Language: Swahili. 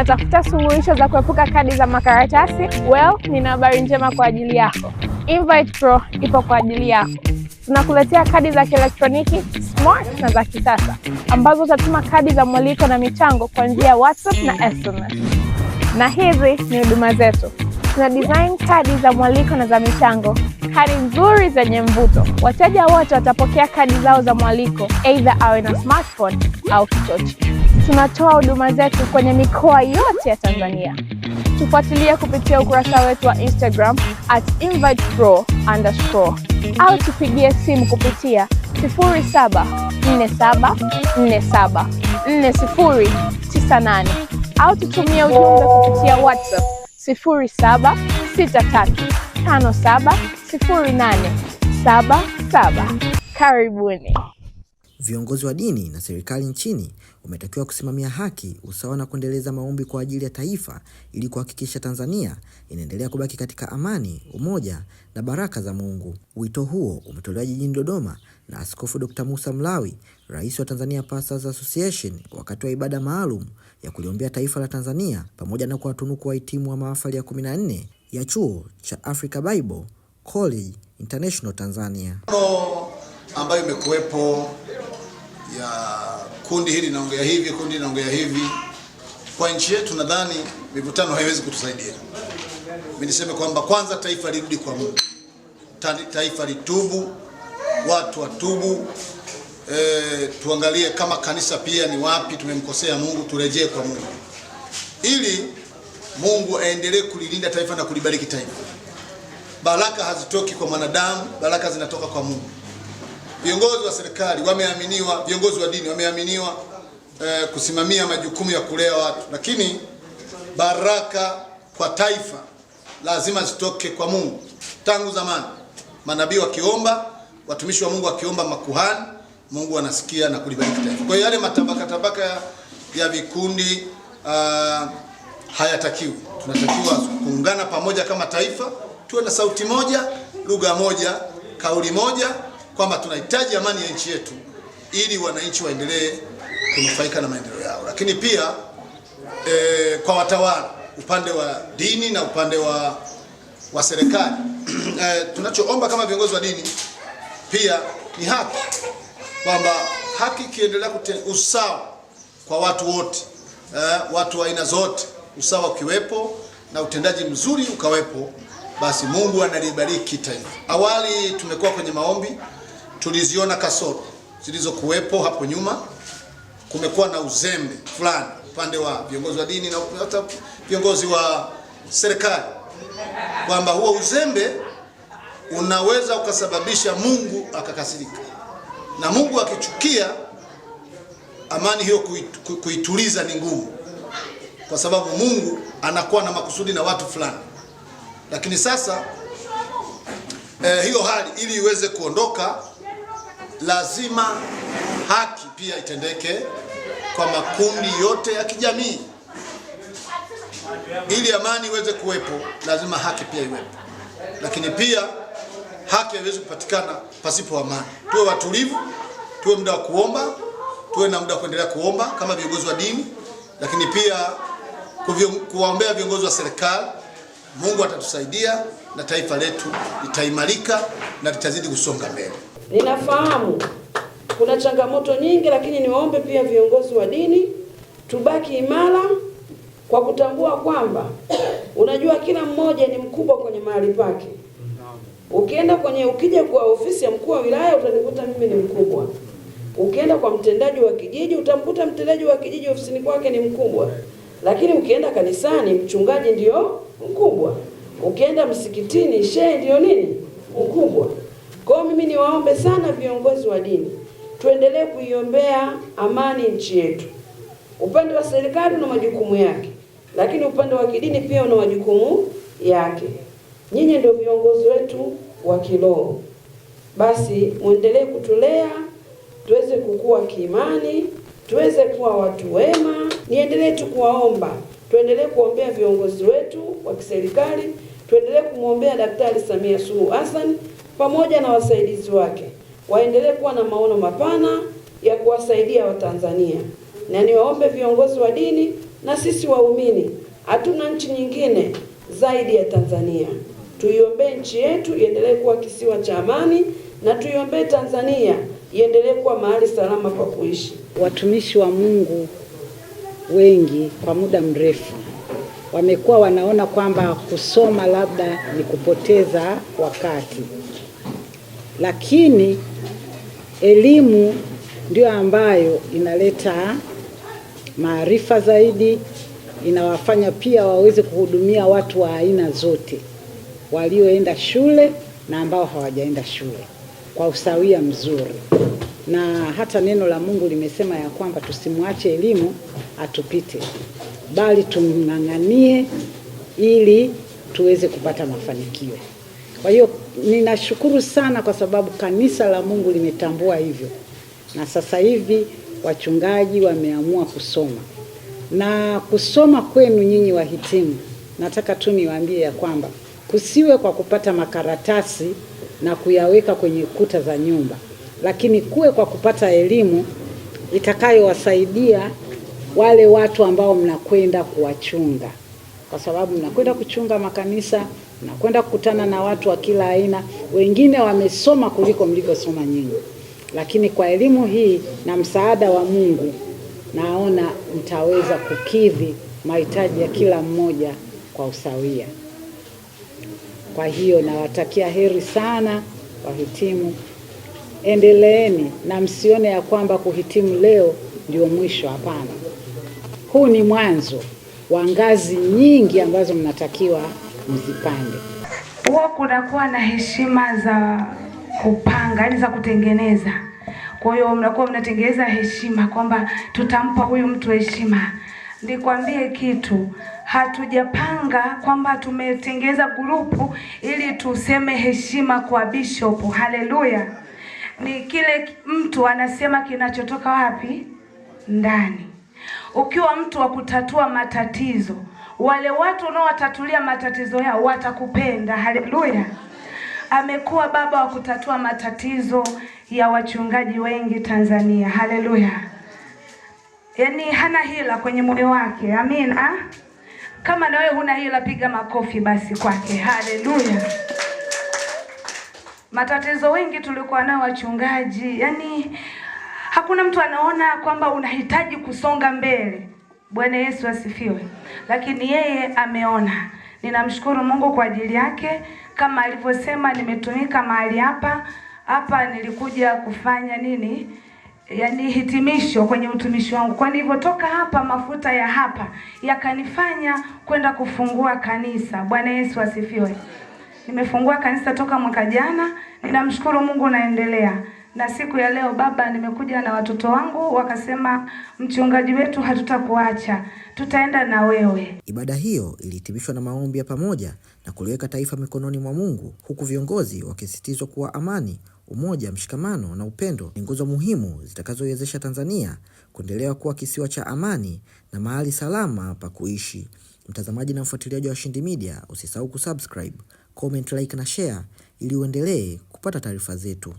unatafuta suluhisho za kuepuka kadi za makaratasi? Well, nina habari njema kwa ajili yako. Invite Pro ipo kwa ajili yako. Tunakuletea kadi za kielektroniki smart na za kisasa ambazo utatuma kadi za mwaliko na michango kwa njia ya WhatsApp na SMS. Na hizi ni huduma zetu. Tuna design kadi za mwaliko na za michango, kadi nzuri zenye mvuto. Wateja wote watapokea kadi zao za mwaliko, aidha awe na smartphone au kichochi tunatoa huduma zetu kwenye mikoa yote ya Tanzania. Tufuatilie kupitia ukurasa wetu wa Instagram at invitepro underscore au tupigie simu kupitia 0747474098 au tutumie ujumbe kupitia WhatsApp 0763570877. Karibuni. Viongozi wa dini na serikali nchini wametakiwa kusimamia haki, usawa na kuendeleza maombi kwa ajili ya taifa ili kuhakikisha Tanzania inaendelea kubaki katika amani, umoja na baraka za Mungu. Wito huo umetolewa jijini Dodoma na Askofu Dr. musa Mlawi, Rais wa Tanzania Pastors Association wakati wa ibada maalum ya kuliombea taifa la Tanzania pamoja na kuwatunuku wahitimu wa mahafali ya 14 ya chuo cha Africa Bible College International Tanzania ambayo imekuwepo ya kundi hili linaongea hivi, kundi linaongea hivi. Kwa nchi yetu nadhani mivutano haiwezi kutusaidia. Mimi niseme kwamba kwanza taifa lirudi kwa Mungu, taifa litubu, watu watubu. E, tuangalie kama kanisa pia ni wapi tumemkosea Mungu, turejee kwa Mungu ili Mungu aendelee kulilinda taifa na kulibariki taifa. Baraka hazitoki kwa mwanadamu, baraka zinatoka kwa Mungu. Viongozi wa serikali wameaminiwa, viongozi wa dini wameaminiwa eh, kusimamia majukumu ya kulea watu, lakini baraka kwa taifa lazima zitoke kwa Mungu. Tangu zamani manabii wakiomba, watumishi wa Mungu wakiomba, makuhani, Mungu anasikia na kulibariki taifa. Kwa hiyo yale matabaka tabaka ya vikundi uh, hayatakiwi. Tunatakiwa kuungana pamoja kama taifa, tuwe na sauti moja, lugha moja, kauli moja kwamba tunahitaji amani ya nchi yetu ili wananchi waendelee kunufaika na maendeleo yao, lakini pia e, kwa watawala upande wa dini na upande wa, wa serikali e, tunachoomba kama viongozi wa dini pia ni haki, kwamba haki ikiendelea usawa kwa watu wote e, watu wa aina zote usawa ukiwepo na utendaji mzuri ukawepo, basi Mungu analibariki taifa. Awali tumekuwa kwenye maombi tuliziona kasoro zilizokuwepo hapo nyuma. Kumekuwa na uzembe fulani upande wa viongozi wa dini na hata viongozi wa serikali, kwamba huo uzembe unaweza ukasababisha Mungu akakasirika, na Mungu akichukia amani hiyo kuituliza ni ngumu, kwa sababu Mungu anakuwa na makusudi na watu fulani. Lakini sasa eh, hiyo hali ili iweze kuondoka lazima haki pia itendeke kwa makundi yote ya kijamii. Ili amani iweze kuwepo, lazima haki pia iwepo, lakini pia haki haiwezi kupatikana pasipo amani. Tuwe watulivu, tuwe muda wa kuomba, tuwe na muda wa kuendelea kuomba kama viongozi wa dini, lakini pia kuwaombea viongozi wa serikali. Mungu atatusaidia na taifa letu litaimarika na litazidi kusonga mbele. Ninafahamu kuna changamoto nyingi, lakini niwaombe pia viongozi wa dini tubaki imara kwa kutambua kwamba unajua kila mmoja ni mkubwa kwenye mahali pake. Ukienda kwenye ukija kwa ofisi ya mkuu wa wilaya utanikuta mimi ni mkubwa, ukienda kwa mtendaji wa kijiji utamkuta mtendaji wa kijiji ofisini kwake ni mkubwa, lakini ukienda kanisani mchungaji ndio mkubwa, ukienda msikitini shehe ndio nini mkubwa mimi niwaombe sana viongozi wa dini, tuendelee kuiombea amani nchi yetu. Upande wa serikali una majukumu yake, lakini upande wa kidini pia una majukumu yake. Nyinyi ndio viongozi wetu wa kiroho, basi muendelee kutulea tuweze kukua kiimani, tuweze kuwa watu wema. Niendelee tu kuwaomba, tuendelee kuombea viongozi wetu wa kiserikali, tuendelee kumwombea Daktari Samia Suluhu Hassan pamoja na wasaidizi wake waendelee kuwa na maono mapana ya kuwasaidia Watanzania, na niwaombe viongozi wa dini na sisi waumini, hatuna nchi nyingine zaidi ya Tanzania. Tuiombee nchi yetu iendelee kuwa kisiwa cha amani, na tuiombee Tanzania iendelee kuwa mahali salama pa kuishi. Watumishi wa Mungu wengi kwa muda mrefu wamekuwa wanaona kwamba kusoma labda ni kupoteza wakati lakini elimu ndio ambayo inaleta maarifa zaidi, inawafanya pia waweze kuhudumia watu wa aina zote, walioenda shule na ambao hawajaenda shule kwa usawia mzuri. Na hata neno la Mungu limesema ya kwamba tusimwache elimu atupite, bali tumng'ang'anie ili tuweze kupata mafanikio. Kwa hiyo ninashukuru sana kwa sababu kanisa la Mungu limetambua hivyo, na sasa hivi wachungaji wameamua kusoma na kusoma kwenu nyinyi wahitimu, nataka tu niwaambie ya kwamba kusiwe kwa kupata makaratasi na kuyaweka kwenye kuta za nyumba, lakini kuwe kwa kupata elimu itakayowasaidia wale watu ambao mnakwenda kuwachunga, kwa sababu mnakwenda kuchunga makanisa nakwenda kukutana na watu wa kila aina, wengine wamesoma kuliko mlivyosoma nyinyi, lakini kwa elimu hii na msaada wa Mungu naona mtaweza kukidhi mahitaji ya kila mmoja kwa usawia. Kwa hiyo nawatakia heri sana wahitimu, endeleeni na msione ya kwamba kuhitimu leo ndio mwisho. Hapana, huu ni mwanzo wa ngazi nyingi ambazo mnatakiwa uzipande. Huwa kunakuwa na heshima za kupanga, yani za kutengeneza. Kwa hiyo mnakuwa mnatengeneza heshima kwamba tutampa huyu mtu heshima. Nikwambie kitu, hatujapanga kwamba tumetengeneza grupu ili tuseme heshima kwa bishop. Haleluya! Ni kile mtu anasema kinachotoka wapi? Ndani ukiwa mtu wa kutatua matatizo, wale watu unaowatatulia matatizo yao watakupenda. Haleluya! Amekuwa baba wa kutatua matatizo ya wachungaji wengi Tanzania. Haleluya! Yaani hana hila kwenye moyo wake. Amina. Ah? Kama na wewe huna hila, piga makofi basi kwake. Haleluya! Matatizo wengi tulikuwa nao wachungaji, yaani Hakuna mtu anaona kwamba unahitaji kusonga mbele. Bwana Yesu asifiwe. Lakini yeye ameona. Ninamshukuru Mungu kwa ajili yake. Kama alivyosema, nimetumika mahali hapa hapa, nilikuja kufanya nini? Yaani hitimisho kwenye utumishi wangu, kwani nilivyotoka hapa, mafuta ya hapa yakanifanya kwenda kufungua kanisa. Bwana Yesu asifiwe. Nimefungua kanisa toka mwaka jana. Ninamshukuru Mungu, naendelea na siku ya leo baba, nimekuja na watoto wangu, wakasema mchungaji wetu, hatutakuacha tutaenda na wewe. Ibada hiyo ilihitimishwa na maombi ya pamoja na kuliweka taifa mikononi mwa Mungu, huku viongozi wakisisitizwa kuwa amani, umoja, mshikamano na upendo ni nguzo muhimu zitakazowezesha Tanzania kuendelea kuwa kisiwa cha amani na mahali salama pa kuishi. Mtazamaji na mfuatiliaji wa Washindi Media, usisahau kusubscribe, comment, like na share ili uendelee kupata taarifa zetu.